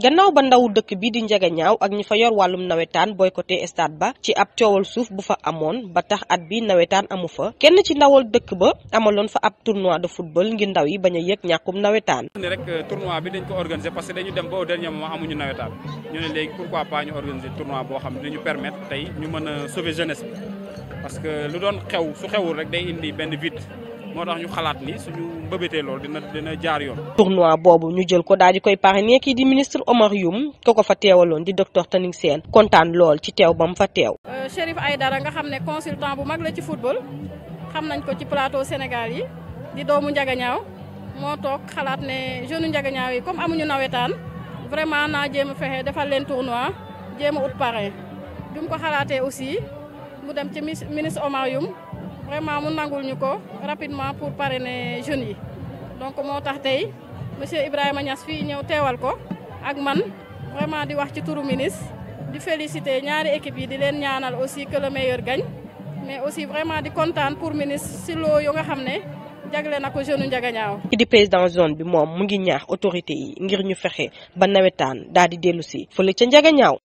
gannaaw ba ndaw dëkk bi di njega ñaaw ak ñi fa yor wàllum nawetaan boycotté stade ba ci ab coowal suuf bu fa amoon ba tax at bi nawetaan amu fa kenn ci ndawal dëkk ba amaloon fa ab tournoi de football ngir ndaw yi bañ a yëg ñàkkum nawetaan ni euh, bi dañ ko organiser parce que dañu dem ba au dernier amuñu nawetaan ñu ne léegi pourquoi pas ñu organiser tournoi boo xam ne dinañu permettre tey ñu mën a sauver jeunesse bi parce que lu doon xew su xewul rek day indi benn vide motax ñu xalaat ni suñu mbëbëtee lool dina dina jaar yoon. tournoi bobu ñu jël ko daal di koy parrainé ki di ministre Omar Youm koko fa teewaloon di docteur Taning Sen contane lool ci téw bam fa téw teew. Euh, ay dara nga xamné consultant bu mag la ci football xam nañ ko ci plateau Sénégal yi di doomu Njagañaaw mo tok xalaat ne jeune Njagañaaw yi comme amuñu nawétan vraiment na jéem fexé fexe defal leen tournoi jéem out ut parrain bi ko xalaaté aussi mu dem ci ministre Omar Youm. vraiment mu nangul ñu rapidement pour parrainer jeunes yi donc moo tax tey monsieur Ibrahima Niass fii ñëw teewal ko ak man vraiment di wax ci turu ministre di féliciter ñaari équipe yi di leen ñaanal aussi que le meilleur gagne mais aussi vraiment di kontaan pour ministre si loo yu nga xam jagle na ko jeune Njagañaaw. ki di président zone bi moom mu ngi ñaax autorité yi ngir ñu fexe ba nawetaan daal di dellu si fële ca Njagañaaw.